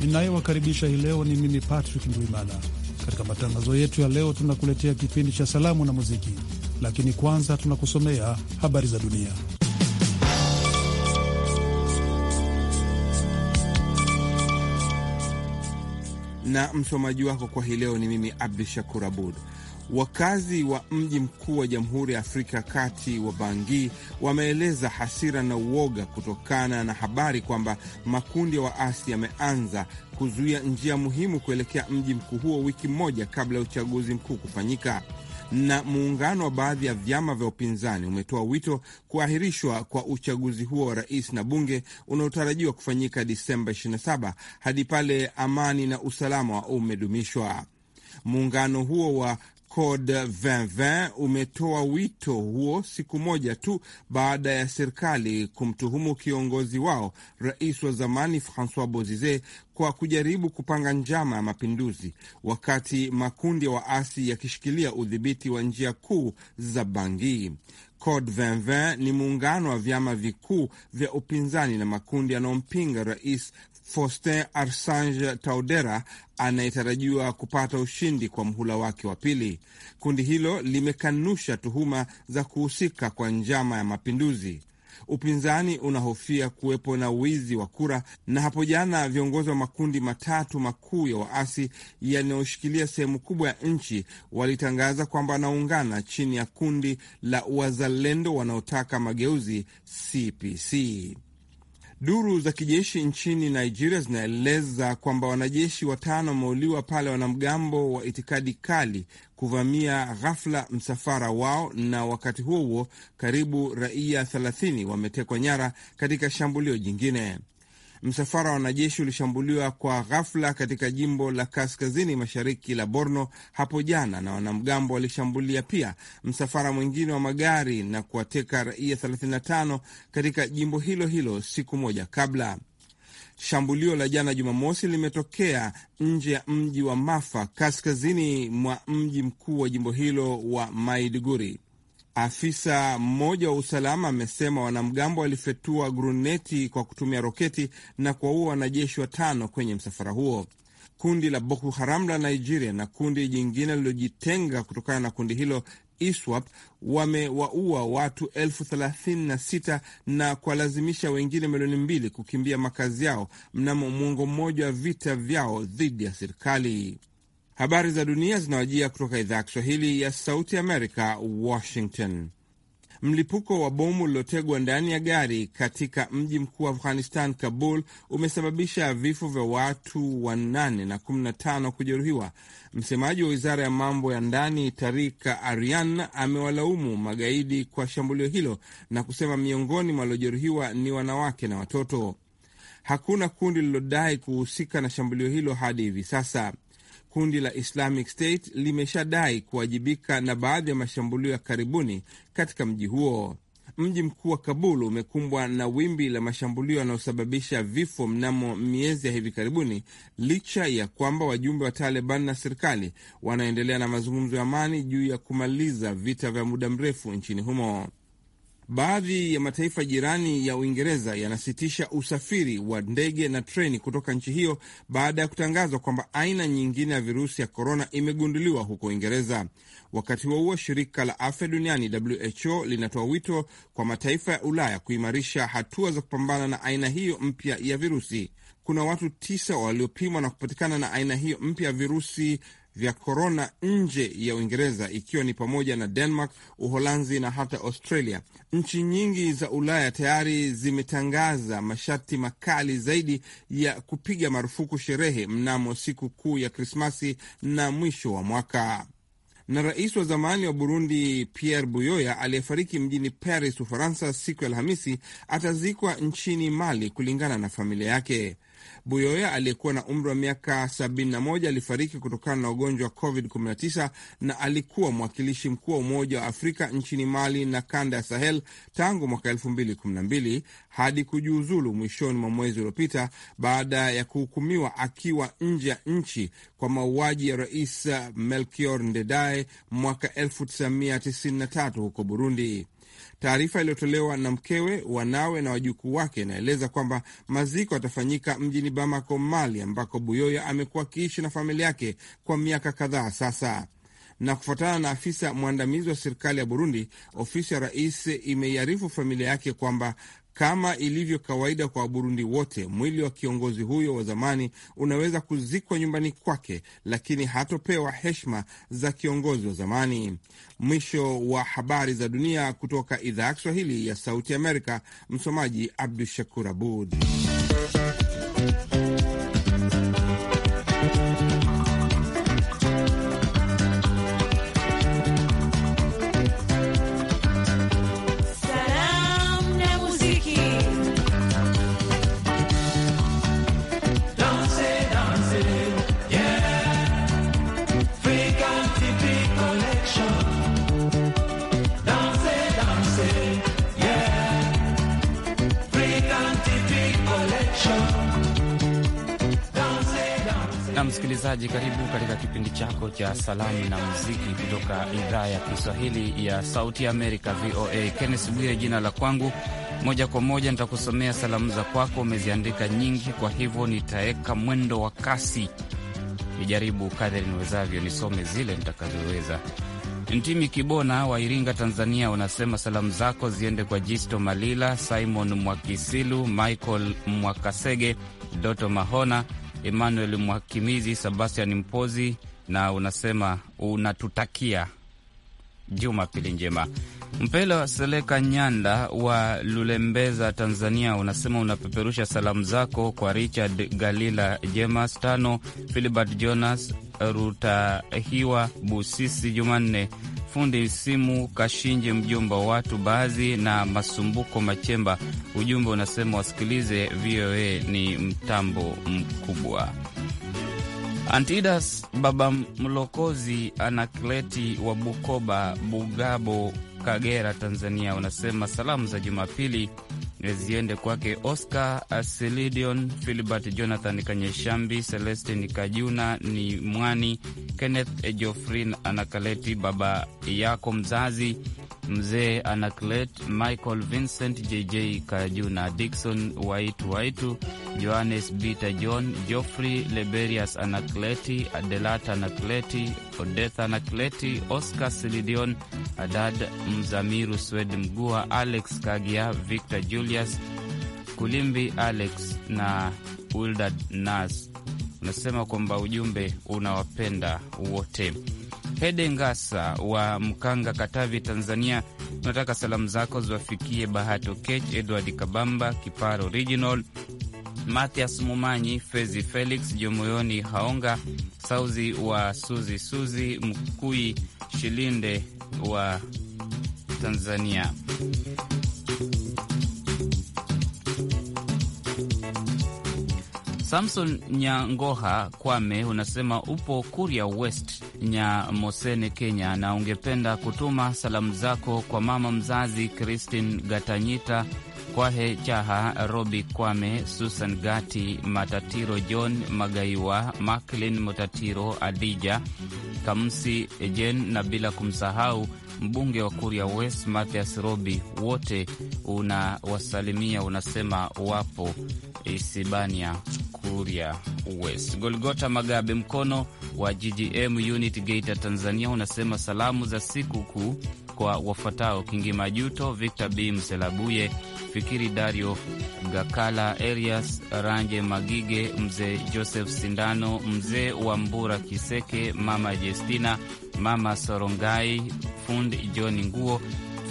ninayewakaribisha hii leo ni mimi Patrick Ndwimana. Katika matangazo yetu ya leo, tunakuletea kipindi cha salamu na muziki, lakini kwanza tunakusomea habari za dunia. Na msomaji wako kwa hii leo ni mimi Abdu Shakur Abud. Wakazi wa mji mkuu wa Jamhuri ya Afrika Kati wa bangi wameeleza hasira na uoga kutokana na habari kwamba makundi ya waasi yameanza kuzuia njia muhimu kuelekea mji mkuu huo wiki moja kabla ya uchaguzi mkuu kufanyika. Na muungano wa baadhi ya vyama vya upinzani umetoa wito kuahirishwa kwa uchaguzi huo wa rais na bunge unaotarajiwa kufanyika Disemba 27 hadi pale amani na usalama umedumishwa. Muungano huo wa Code 2020 umetoa wito huo siku moja tu baada ya serikali kumtuhumu kiongozi wao rais wa zamani Francois Bozize kwa kujaribu kupanga njama ya mapinduzi wakati makundi ya wa waasi yakishikilia udhibiti wa njia kuu za Bangi. Code 2020 ni muungano wa vyama vikuu vya upinzani na makundi yanayompinga rais Faustin Archange taudera anayetarajiwa kupata ushindi kwa mhula wake wa pili. Kundi hilo limekanusha tuhuma za kuhusika kwa njama ya mapinduzi. Upinzani unahofia kuwepo na wizi wa kura, na hapo jana viongozi wa makundi matatu makuu ya waasi yanayoshikilia sehemu kubwa ya nchi walitangaza kwamba wanaungana chini ya kundi la wazalendo wanaotaka mageuzi CPC. Duru za kijeshi nchini Nigeria zinaeleza kwamba wanajeshi watano wameuliwa pale wanamgambo wa itikadi kali kuvamia ghafla msafara wao, na wakati huo huo karibu raia 30 wametekwa nyara katika shambulio jingine msafara wa wanajeshi ulishambuliwa kwa ghafla katika jimbo la kaskazini mashariki la Borno hapo jana, na wanamgambo walishambulia pia msafara mwingine wa magari na kuwateka raia 35 katika jimbo hilo hilo siku moja kabla. Shambulio la jana Jumamosi limetokea nje ya mji wa Mafa, kaskazini mwa mji mkuu wa jimbo hilo wa Maiduguri. Afisa mmoja wa usalama amesema wanamgambo walifyatua gruneti kwa kutumia roketi na kuwaua wanajeshi watano kwenye msafara huo. Kundi la Boko Haram la Nigeria na kundi jingine lililojitenga kutokana na kundi hilo ISWAP wamewaua watu elfu thelathini na sita na kuwalazimisha wengine milioni mbili kukimbia makazi yao mnamo mwongo mmoja wa vita vyao dhidi ya serikali. Habari za dunia zinawajia kutoka idhaa ya Kiswahili ya Sauti Amerika, Washington. Mlipuko wa bomu uliotegwa ndani ya gari katika mji mkuu wa Afghanistan, Kabul, umesababisha vifo vya watu wanane na 15 kujeruhiwa. Msemaji wa wizara ya mambo ya ndani Tarika Aryan amewalaumu magaidi kwa shambulio hilo na kusema miongoni mwa waliojeruhiwa ni wanawake na watoto. Hakuna kundi lililodai kuhusika na shambulio hilo hadi hivi sasa. Kundi la Islamic State limeshadai kuwajibika na baadhi ya mashambulio ya karibuni katika mji huo. Mji mkuu wa Kabul umekumbwa na wimbi la mashambulio yanayosababisha vifo mnamo miezi ya hivi karibuni, licha ya kwamba wajumbe wa Taliban na serikali wanaendelea na mazungumzo ya amani juu ya kumaliza vita vya muda mrefu nchini humo. Baadhi ya mataifa jirani ya Uingereza yanasitisha usafiri wa ndege na treni kutoka nchi hiyo baada ya kutangazwa kwamba aina nyingine ya virusi ya korona imegunduliwa huko Uingereza. Wakati huo huo, shirika la afya duniani WHO linatoa wito kwa mataifa ya Ulaya kuimarisha hatua za kupambana na aina hiyo mpya ya virusi. Kuna watu tisa waliopimwa na kupatikana na aina hiyo mpya ya virusi vya korona nje ya Uingereza, ikiwa ni pamoja na Denmark, Uholanzi na hata Australia. Nchi nyingi za Ulaya tayari zimetangaza masharti makali zaidi ya kupiga marufuku sherehe mnamo siku kuu ya Krismasi na mwisho wa mwaka na rais wa zamani wa Burundi Pierre Buyoya aliyefariki mjini Paris, Ufaransa siku ya Alhamisi atazikwa nchini Mali kulingana na familia yake. Buyoya aliyekuwa na umri wa miaka 71 alifariki kutokana na ugonjwa wa COVID-19 na alikuwa mwakilishi mkuu wa Umoja wa Afrika nchini Mali na kanda ya Sahel tangu mwaka 2012 hadi kujiuzulu mwishoni mwa mwezi uliopita baada ya kuhukumiwa akiwa nje ya nchi kwa mauaji ya Rais Melchior Ndadaye mwaka 1993 huko Burundi. Taarifa iliyotolewa na mkewe, wanawe na wajukuu wake inaeleza kwamba maziko yatafanyika mjini Bamako, Mali, ambako Buyoya amekuwa akiishi na familia yake kwa miaka kadhaa sasa na kufuatana na afisa mwandamizi wa serikali ya Burundi, ofisi ya rais imeiarifu familia yake kwamba kama ilivyo kawaida kwa Waburundi wote, mwili wa kiongozi huyo wa zamani unaweza kuzikwa nyumbani kwake, lakini hatopewa heshima za kiongozi wa zamani. Mwisho wa habari za dunia kutoka idhaa ya Kiswahili ya Sauti Amerika. Msomaji Abdu Shakur Abud. msikilizaji, karibu katika kipindi chako cha salamu na muziki kutoka idhaa ya Kiswahili ya Sauti ya Amerika, VOA. Kennes Bwire jina la kwangu. Moja kwa moja nitakusomea salamu za kwako, umeziandika nyingi, kwa hivyo nitaweka mwendo wa kasi, nijaribu kadri niwezavyo nisome zile nitakazoweza. Ntimi Kibona wa Iringa, Tanzania, unasema salamu zako ziende kwa Jisto Malila, Simon Mwakisilu, Michael Mwakasege, Doto Mahona Emmanuel Mwakimizi, Sebastian Mpozi, na unasema unatutakia Jumapili njema. Mpela Seleka Nyanda wa Lulembeza, Tanzania, unasema unapeperusha salamu zako kwa Richard Galila, Jemas Tano, Filibert Jonas Rutahiwa, Busisi Jumanne, fundi simu Kashinje, mjumba watu baadhi na Masumbuko Machemba. Ujumbe unasema wasikilize VOA ni mtambo mkubwa. Antidas Baba Mlokozi Anakleti wa Bukoba, Bugabo, Kagera, Tanzania, unasema salamu za Jumapili ziende kwake Oscar Aselidion, Filibert Jonathan Kanyeshambi, Celestin Kajuna ni Mwani, Kenneth Jofrin Anakleti, baba yako mzazi mzee Anaklet, Michael Vincent, JJ Kajuna, Dikson Waitu Waitu Johannes Bita John, Geoffrey Leberius Anakleti, Adelata Anakleti, Odetha Anakleti, Oscar Silidion, Adad Mzamiru, Swed Mgua, Alex Kagia, Victor Julius Kulimbi, Alex na Wildad Nas. Unasema kwamba ujumbe unawapenda wote. Hede Ngasa wa Mkanga, Katavi, Tanzania, unataka salamu zako ziwafikie bahato kech Edward Kabamba, Kiparo Original Mathias Mumanyi, Fezi Felix, Jomoyoni Haonga, Sauzi wa Suzi Suzi, Mkui Shilinde wa Tanzania. Samson Nyangoha Kwame, unasema upo Kuria West, Nyamosene, Kenya, na ungependa kutuma salamu zako kwa mama mzazi Christine Gatanyita Kwahe Chaha, Robi Kwame, Susan Gati Matatiro, John Magaiwa, Maklin Mutatiro, Adija Kamsi jen na bila kumsahau mbunge wa Kuria West Mathias Robi, wote unawasalimia, unasema wapo Isibania Kuria West. Golgota Magabe Mkono wa GGM unit Geita, Tanzania, unasema salamu za siku kuu kwa wafuatao: Kingi Majuto, Victor B Mselabuye Fikiri Dario Gakala, Elias Ranje Magige, mzee Joseph Sindano, mzee wa Mbura Kiseke, mama Jestina, mama Sorongai, Fund John Nguo,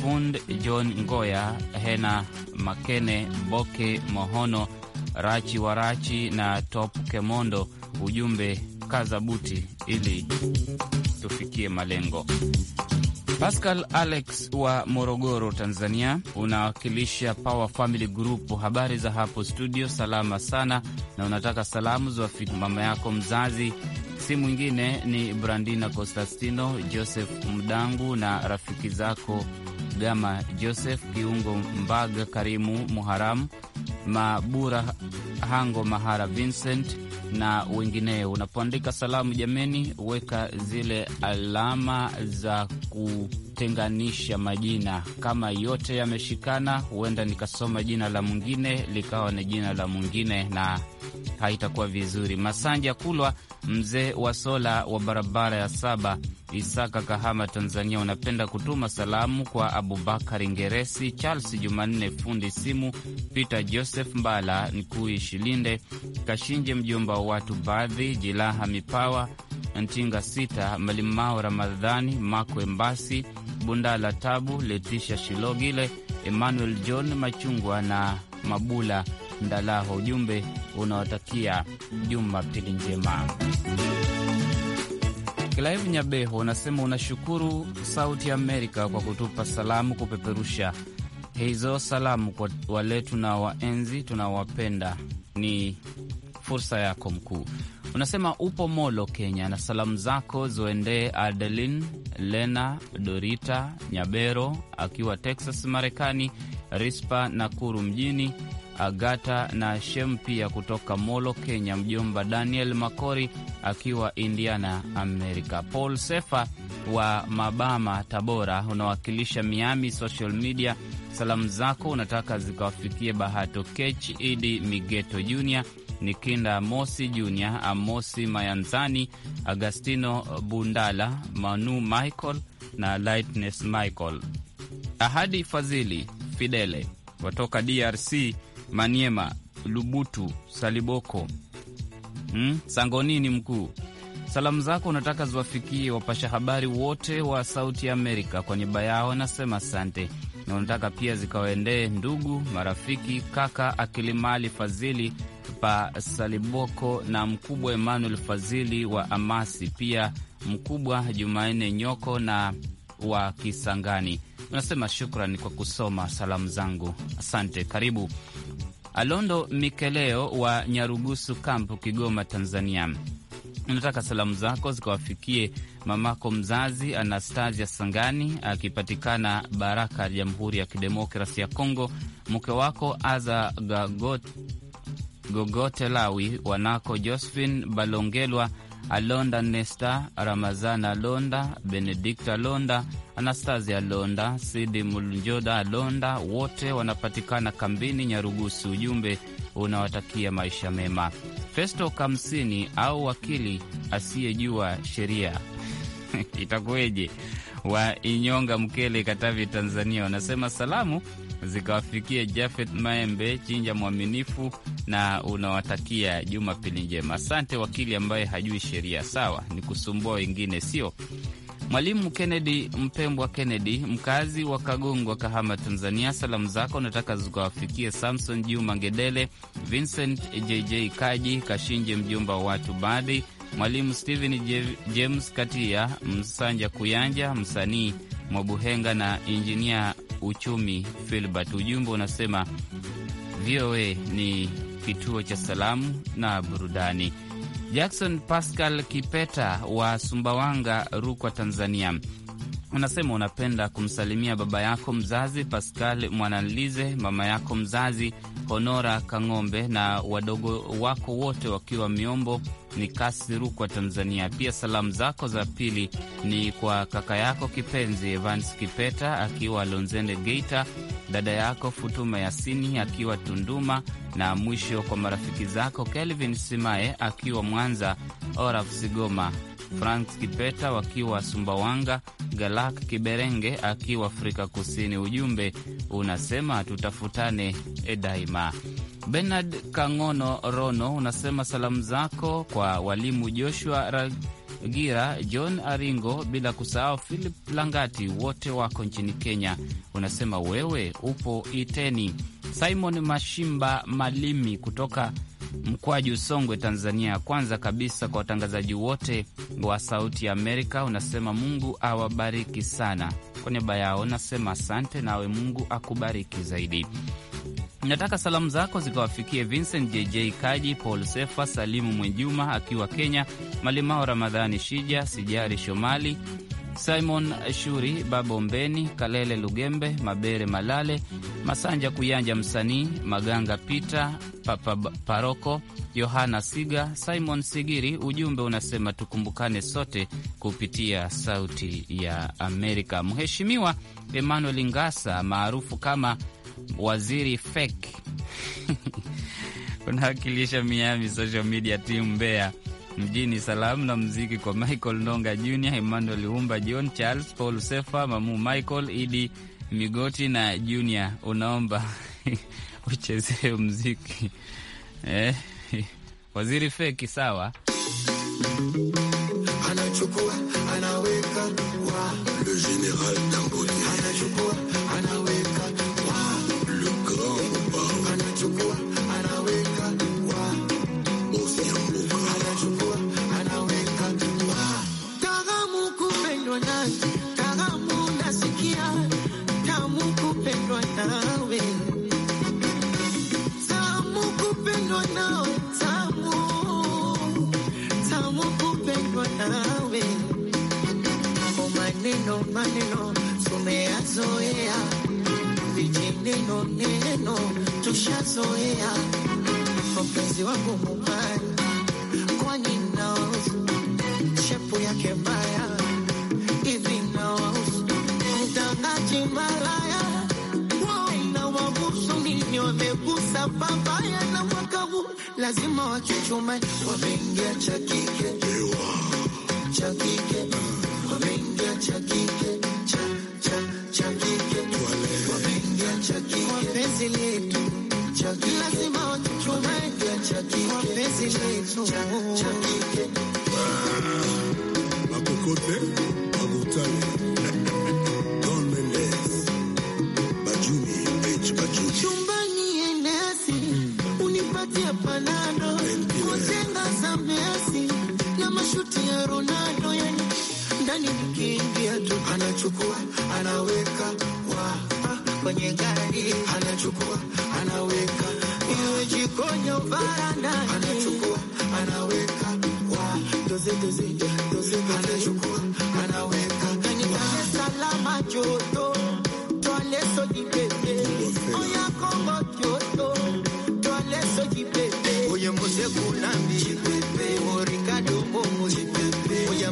Fund John Ngoya, Hena Makene, Boke Mohono, Rachi Warachi na Top Kemondo. Ujumbe kaza buti ili tufikie malengo. Pascal Alex wa Morogoro, Tanzania, unawakilisha Power Family Group. Habari za hapo studio? Salama sana, na unataka salamu za mama yako mzazi, si mwingine ni Brandina Costastino, Joseph Mdangu na rafiki zako Gama Joseph Kiungo, Mbaga Karimu, Muharamu Mabura Hango, Mahara Vincent na wengineo. Unapoandika salamu, jameni, weka zile alama za ku kutenganisha majina. Kama yote yameshikana, huenda nikasoma jina la mwingine likawa ni jina la mwingine, na haitakuwa vizuri. Masanja Kulwa, mzee wa sola wa barabara ya saba, Isaka, Kahama, Tanzania, unapenda kutuma salamu kwa Abubakari Ngeresi, Charles Jumanne fundi simu, Peter Joseph Mbala, Nkui Shilinde, Kashinje mjomba wa watu, baadhi Jilaha Mipawa Ntinga Sita, Malimao Ramadhani, mako embasi Bundala Tabu, Letisha Shilogile, Emmanuel John Machungwa na Mabula Ndalaho. Ujumbe unawatakia Jumapili njema. Clive Nyabeho unasema unashukuru Sauti Amerika kwa kutupa salamu, kupeperusha hizo salamu kwa wale tunawaenzi, tunawapenda. Ni fursa yako mkuu Unasema upo Molo, Kenya, na salamu zako zoendee Adelin Lena, Dorita Nyabero akiwa Texas, Marekani, Rispa Nakuru mjini Agata na Shem pia kutoka Molo, Kenya. Mjomba Daniel Makori akiwa Indiana, Amerika. Paul Sefa wa Mabama, Tabora, unawakilisha Miami social media. Salamu zako unataka zikawafikie Bahato Kech, Idi Migeto Junior, Nikinda Mosi Junior, Amosi Mayanzani, Agastino Bundala, Manu Michael na Lightness Michael, Ahadi Fadhili Fidele watoka DRC Maniema, Lubutu, Saliboko, hmm? Sangonini mkuu, salamu zako unataka ziwafikie wapasha habari wote wa Sauti Amerika. Kwa niaba yao nasema asante, na unataka pia zikawaendee ndugu, marafiki, kaka Akilimali fazili pa Saliboko na mkubwa Emmanuel fazili wa Amasi, pia mkubwa Jumanne Nyoko na wa Kisangani unasema shukran kwa kusoma salamu zangu, asante. Karibu Alondo Mikeleo wa Nyarugusu Kampu, Kigoma, Tanzania. Nataka salamu zako zikawafikie mamako mzazi Anastasia Sangani akipatikana Baraka ya Jamhuri ya Kidemokrasi ya Kongo, mke wako Aza Gagot, Gogote Lawi, wanako Josephine Balongelwa, Alonda Nesta, ramazan Alonda, Benedikta Alonda Anastasia Londa, Sidi mljoda Londa, wote wanapatikana kambini Nyarugusu. Ujumbe unawatakia maisha mema. Festo Kamsini au wakili asiyejua sheria itakuweje wa Inyonga, Mkele, Katavi, Tanzania, wanasema salamu zikawafikia Jafet Maembe Chinja mwaminifu, na unawatakia jumapili njema. Asante wakili ambaye hajui sheria. Sawa, ni kusumbua wengine sio? Mwalimu Kennedy Mpembwa Kennedy, mkazi wa Kagongwa, Kahama, Tanzania, salamu zako nataka zikawafikie Samson Juma Ngedele, Vincent JJ Kaji Kashinje, mjumba wa watu baadhi, Mwalimu Stephen James Katia Msanja Kuyanja, msanii Mwabuhenga na injinia uchumi Filbert. Ujumbe unasema VOA ni kituo cha salamu na burudani. Jackson Pascal Kipeta wa Sumbawanga, Rukwa, Tanzania unasema unapenda kumsalimia baba yako mzazi Pascal Mwanalize, mama yako mzazi Honora Kang'ombe na wadogo wako wote wakiwa Miombo ni kasi Rukwa, Tanzania. Pia salamu zako za pili ni kwa kaka yako kipenzi Evans Kipeta akiwa Lonzende Geita, dada yako Futuma Yasini akiwa Tunduma, na mwisho kwa marafiki zako Kelvin simae akiwa Mwanza, Oraf Sigoma franz Kipeta wakiwa Sumbawanga, Galak Kiberenge akiwa Afrika Kusini. Ujumbe unasema tutafutane daima. Bernard Kangono Rono unasema salamu zako kwa walimu Joshua Ragira, John Aringo, bila kusahau Philip Langati, wote wako nchini Kenya. Unasema wewe upo Iteni. Simon Mashimba Malimi kutoka mkwaju Songwe, Tanzania. Kwanza kabisa kwa watangazaji wote wa Sauti ya Amerika unasema Mungu awabariki sana. Kwa niaba yao nasema asante, nawe Mungu akubariki zaidi. Nataka salamu zako zikawafikie Vincent JJ Kaji, Paul Sefa, Salimu Mwenjuma akiwa Kenya, Malimao Ramadhani Shija, Sijari Shomali Simon Shuri, Babo Mbeni, Kalele Lugembe, Mabere Malale, Masanja Kuyanja, msanii Maganga Peter, Papa Paroko, Yohana Siga, Simon Sigiri. Ujumbe unasema tukumbukane sote kupitia Sauti ya Amerika. Mheshimiwa Emmanuel Ngasa maarufu kama Waziri Fek unawakilisha Miami social media team Mbeya mjini Salamu na mziki kwa Michael Ndonga Jr, Emmanuel Humba, John Charles, Paul Sefa, Mamu Michael, Idi Migoti na Junior, unaomba uchezee mziki eh, waziri feki sawa tushazoea vijineno neno, tushazoea mpenzi wangu mubaya, kwani shepu yake mbaya hivi, mtangaji mimi, wamegusa na lazima wameingia cha kike cha kike, wameingia cha kike Ah, makokote magutani chumbani enesi unipatia panado watenga za Messi na mashuti ya Ronaldo, yani ndani nikiingia tu anachukua anaweka kwenye gari, anachukua anaweka, iwe jikoni au barandani, anachukua anaweka, wa doze doze doze, anachukua anaweka ndani salama joto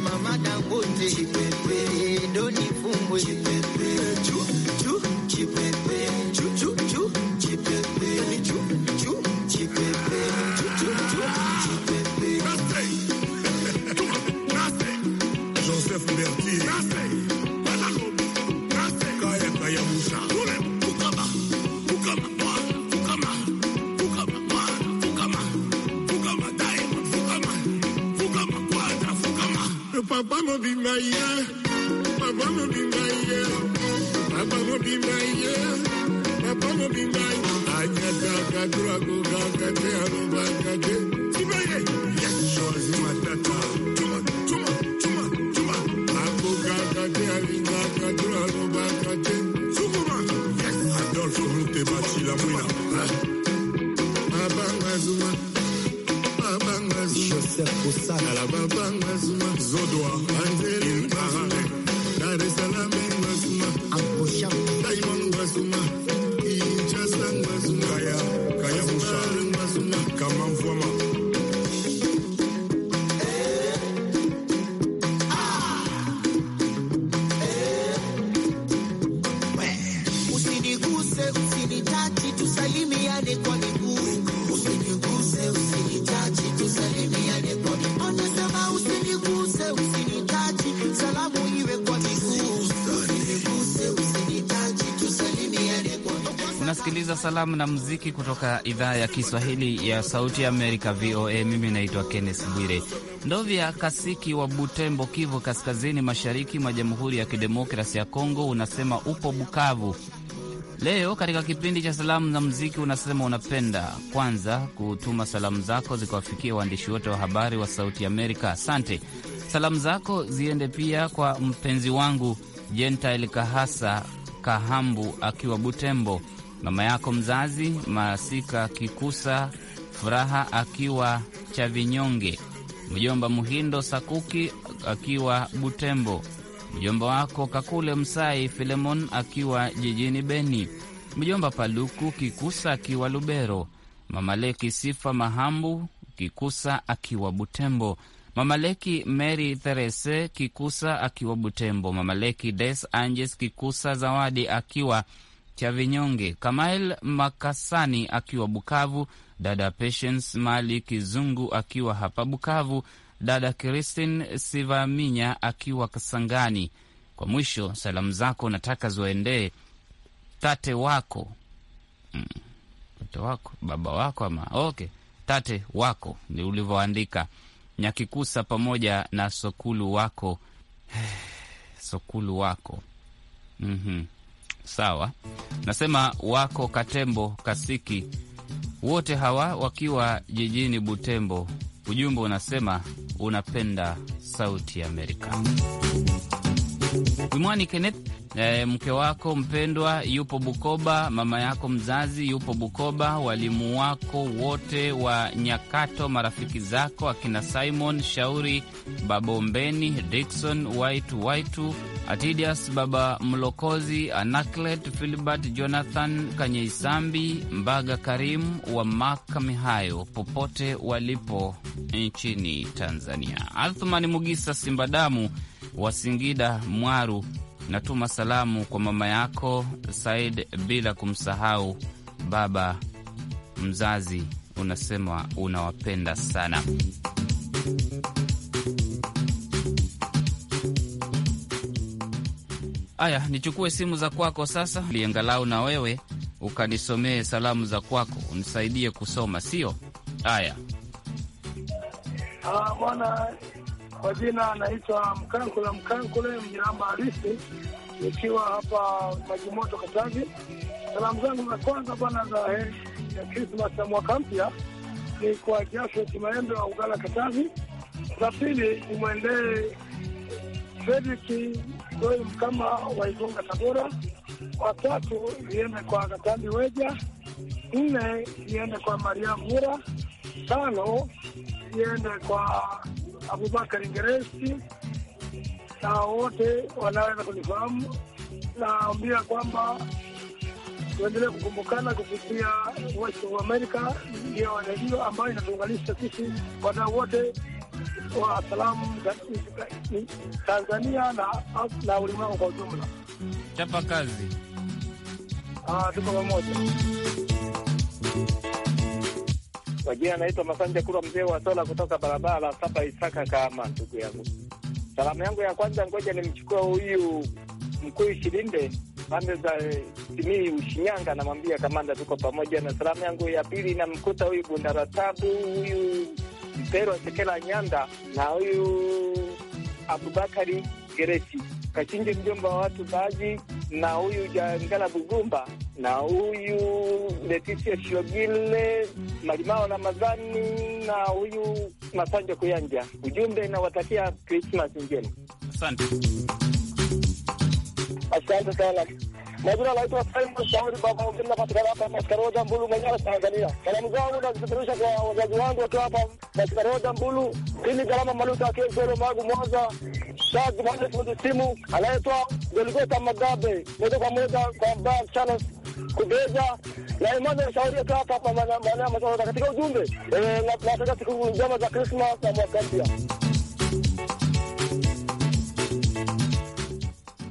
Mama Dangote, doni fungwe Papa mo di maya, Papa mo di maya, Papa mo di maya, Papa mo di maya. Aja ta kadru aku yes, sure, zimatata. Tuma, tuma, tuma, tuma. Aku kakate aru kakadru yes, adol sukute bachi la muina. Abang I joseph kosala to babangazuma zodwa kusikiliza salamu na muziki kutoka idhaa ya Kiswahili ya Sauti ya Amerika, VOA. Mimi naitwa Kenneth Bwire. Ndovya Kasiki wa Butembo, Kivu Kaskazini, mashariki mwa Jamhuri ya Kidemokrasi ya Kongo, unasema upo Bukavu leo katika kipindi cha salamu na muziki. Unasema unapenda kwanza kutuma salamu zako zikawafikia waandishi wote wa habari wa Sauti Amerika, asante. Salamu zako ziende pia kwa mpenzi wangu Gentile Kahasa Kahambu akiwa Butembo, mama yako mzazi Masika Kikusa Furaha akiwa Chavinyonge, mjomba Muhindo Sakuki akiwa Butembo, mjomba wako Kakule Msai Filemon akiwa jijini Beni, mjomba Paluku Kikusa akiwa Lubero, mamaleki Sifa Mahambu Kikusa akiwa Butembo, mamaleki Mary Therese Kikusa akiwa Butembo, mamaleki Des Anges Kikusa Zawadi akiwa cha vinyonge. Kamail Makasani akiwa Bukavu, dada Patience Mali Kizungu akiwa hapa Bukavu, dada Kristin Sivaminya akiwa Kasangani. Kwa mwisho, salamu zako nataka ziwaendee tate wako mm. tate wako baba wako ama okay, tate wako ni ulivyoandika Nyakikusa pamoja na sokulu wako sokulu wako mm -hmm sawa, nasema wako Katembo Kasiki, wote hawa wakiwa jijini Butembo. Ujumbe unasema unapenda Sauti ya Amerika. Wimwani Kenneth e, mke wako mpendwa yupo Bukoba, mama yako mzazi yupo Bukoba, walimu wako wote wa Nyakato, marafiki zako akina Simon Shauri, Babombeni, Dikson Waitu Waitu Atidias Baba Mlokozi, Anaklet Filibert, Jonathan Kanyeisambi, Mbaga karimu wa Makamihayo, popote walipo nchini Tanzania. Althumani Mugisa Simbadamu wa Singida Mwaru, natuma salamu kwa mama yako Said, bila kumsahau baba mzazi, unasema unawapenda sana Aya, nichukue simu za kwako sasa, liangalau na wewe ukanisomee salamu za kwako, unisaidie kusoma, sio? Aya. mwana ah, bwana, kwa jina anaitwa Mkankule Mkankule Mjiramba halisi, nikiwa hapa Majimoto, Katavi. Salamu zangu za kwanza bwana, za ya Krismas ya mwaka mpya ni kwa Jafet Maembe wa Ugala, Katavi. Za pili imwendee Fredriki Mzoi Mkama wa Tabora. Watatu iende kwa Katani Weja. Nne iende kwa Mariamu Mura. Tano iende kwa Abubakar Ngeresi, na wote wanaweza kunifahamu. Naambia kwamba tuendelee kukumbukana kupitia Voice of America, ndio redio ambayo inatuunganisha sisi wadau wote kutoa salamu katika Tanzania na, na ulimwengu kwa ujumla. Chapa kazi, ah, tuko pamoja. Wajina anaitwa Masanja Kura, mzee wa sola kutoka barabara saba Isaka kama ndugu yangu. Salamu yangu ya kwanza, ngoja nimchukua huyu mkuu Shilinde pande za Simii Ushinyanga, namwambia kamanda, tuko pamoja. Na salamu yangu ya pili, namkuta huyu Bundaratabu huyu Petero Sekela Nyanda na huyu Abubakari Gereti Kachinje, mjomba wa watu baadhi, na huyu Jangala Bugumba na huyu Leticia Shogile Malimao Ramadhani na huyu Masanja Kuyanja. Ujumbe nawatakia Krismas njema. Asante, asante sana na jina naitwa Simon Shauri baba mjini, napatikana hapa Masikaroda Mbulu Manyara, Tanzania. Salamu zangu nazipeperusha kwa wazazi wangu wakiwa hapa Masikaroda Mbulu, Pili Galama Maluta Akesero Magu Mwanza, Shazi Mohamed fundi simu anaitwa Goligota Magabe, moja kwa moja kwa mbaya mchana kubeza na Emmanuel Shauri akiwa hapa hapa Manyara. Katika ujumbe, eh, nataka siku njema za Krismas na mwaka mpya.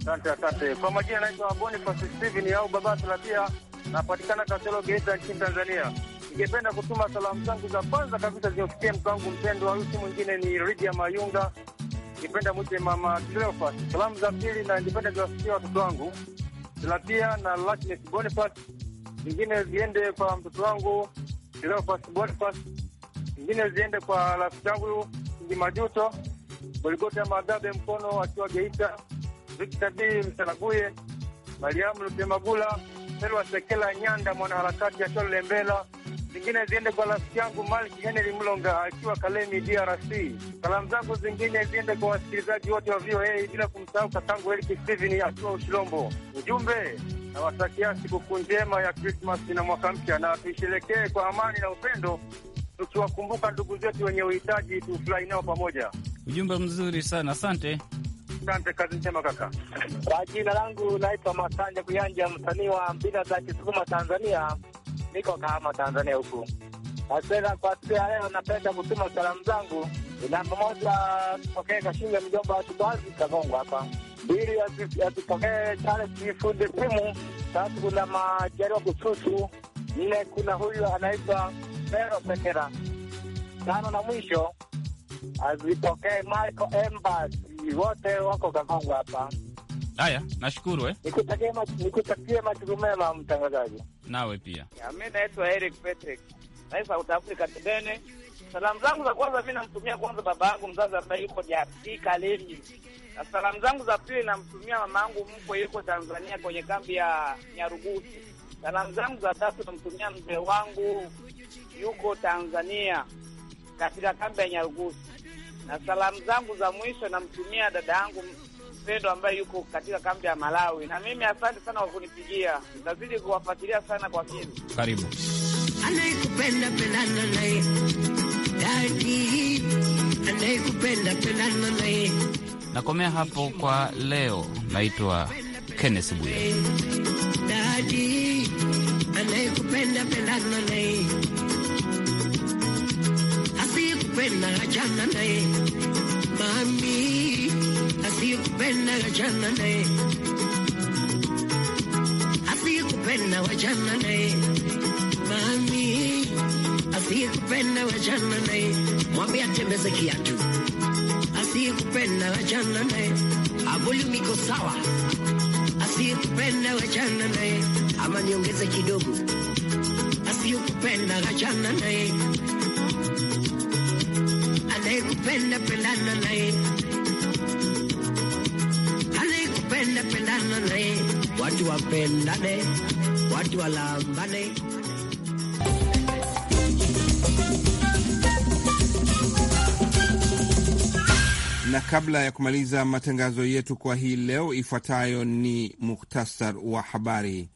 Asante, asante. Kwa majina naitwa Boniface Steven au Baba Salatia, napatikana Kasolo, Geita nchini Tanzania. Ningependa kutuma salamu zangu za kwanza kabisa zimfikia mke wangu mpendwa, harusi mwingine ni Lydia Mayunga, ningependa mwite Mama Cleofa. Salamu za pili na ningependa ziwafikia watoto wangu Salatia na Latinus Boniface, zingine ziende kwa mtoto wangu Cleofa Boniface, zingine ziende kwa rafiki yangu Ingi Majuto Goligota Magabe Mkono akiwa Geita Victor D Msalaguye, Mariamu Lutemagula, Selwa Sekela Nyanda, mwanaharakati ya Cholo Zingine ziende kwa rafiki yangu Malki Henry Mlonga akiwa Kalemi, DRC. Salamu zangu zingine ziende kwa wasikilizaji wote wa VOA bila kumsahau kakangu Eric Steven akiwa Ushilombo. Ujumbe nawatakia sikukuu njema ya Krismasi na mwaka mpya, na tuisherekee kwa amani na upendo, tukiwakumbuka ndugu zetu wenye uhitaji, tufurahi nao pamoja. Ujumbe mzuri sana, asante. Asante, kazi njema kaka. Kwa jina langu naitwa Masanja Kuyanja, msanii wa mpira za Kisukuma Tanzania, niko Kahama Tanzania huku Asera, Kwa siku ya leo napenda kutuma salamu zangu. Namba moja tupokee Kashinga mjomba wa kagongwa Kagongo hapa. mbili yazipokee Charles Fundi simu. Tatu kuna Majaliwa Kususu. Nne kuna huyu anaitwa Pero Pekera. Tano na mwisho azipokee Michael Embasi, wote wako Kavango hapa. Haya, nashukuru eh. Nikutakie machuru mema mtangazaji. Nawe pia. Mi naitwa Eric Patrick, rais South Africa Debene. Salamu zangu za kwanza mi namtumia kwanza baba yangu mzazi ambaye yuko DRC Kalemi, na salamu zangu za pili namtumia mama yangu mkwe yuko Tanzania kwenye kambi ya Nyarugusi. Salamu zangu za tatu namtumia mzee wangu yuko Tanzania katika kambi ya Nyarugusu, na salamu zangu za mwisho namtumia dada yangu Pendo ambaye yuko katika kambi ya Malawi. Na mimi asante sana kwa kunipigia, nitazidi kuwafuatilia sana kwa kina. Karibu anayekupenda pendana naye dadi, anayekupenda pendana naye. Nakomea hapo kwa leo. Naitwa Kenneth Bwire. Dadi, anayekupenda pendana naye asiyekupenda achana naye. Mami asiyekupenda achana naye, asiyekupenda wachana naye. Mami asiyekupenda wachana naye, mwambie atembeze kiatu. Asiyekupenda wachana naye, avulumi iko sawa. Asiyekupenda wachana naye, ama niongeze kidogo. Asiyekupenda wachana naye kupenda pendana naye, anayekupenda pendana naye, watu wapendane, watu walambane. Na kabla ya kumaliza matangazo yetu kwa hii leo, ifuatayo ni muhtasar wa habari.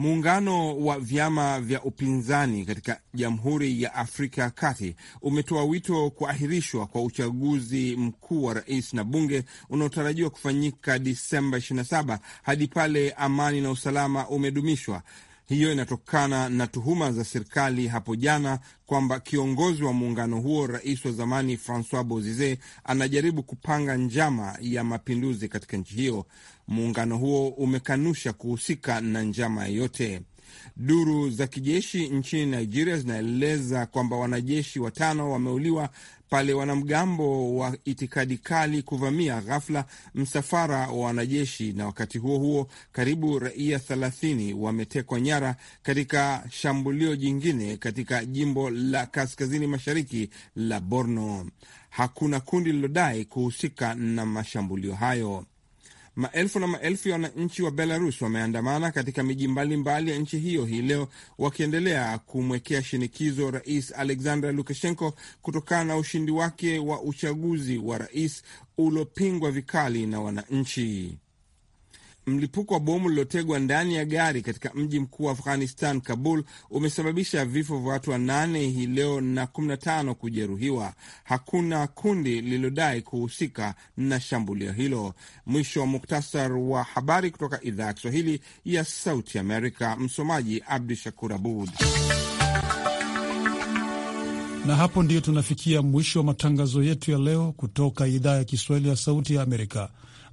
Muungano wa vyama vya upinzani katika Jamhuri ya Afrika ya Kati umetoa wito kuahirishwa kwa uchaguzi mkuu wa rais na bunge unaotarajiwa kufanyika Disemba 27 hadi pale amani na usalama umedumishwa hiyo inatokana na tuhuma za serikali hapo jana kwamba kiongozi wa muungano huo, rais wa zamani Francois Bozize, anajaribu kupanga njama ya mapinduzi katika nchi hiyo. Muungano huo umekanusha kuhusika na njama yoyote. Duru za kijeshi nchini Nigeria zinaeleza kwamba wanajeshi watano wameuliwa pale wanamgambo wa itikadi kali kuvamia ghafla msafara wa wanajeshi, na wakati huo huo karibu raia thelathini wametekwa nyara katika shambulio jingine katika jimbo la kaskazini mashariki la Borno. Hakuna kundi lilodai kuhusika na mashambulio hayo. Maelfu na maelfu ya wananchi wa Belarus wameandamana katika miji mbalimbali ya nchi hiyo hii leo wakiendelea kumwekea shinikizo Rais Alexander Lukashenko kutokana na ushindi wake wa uchaguzi wa rais uliopingwa vikali na wananchi. Mlipuko wa bomu lililotegwa ndani ya gari katika mji mkuu wa Afghanistan, Kabul, umesababisha vifo vya watu wanane hii leo na 15 kujeruhiwa. Hakuna kundi lililodai kuhusika na shambulio hilo. Mwisho wa muktasar wa habari kutoka idhaa ya Kiswahili ya Sauti Amerika. Msomaji Abdu Shakur Abud. Na hapo ndiyo tunafikia mwisho wa matangazo yetu ya leo kutoka idhaa ya Kiswahili ya Sauti ya Amerika.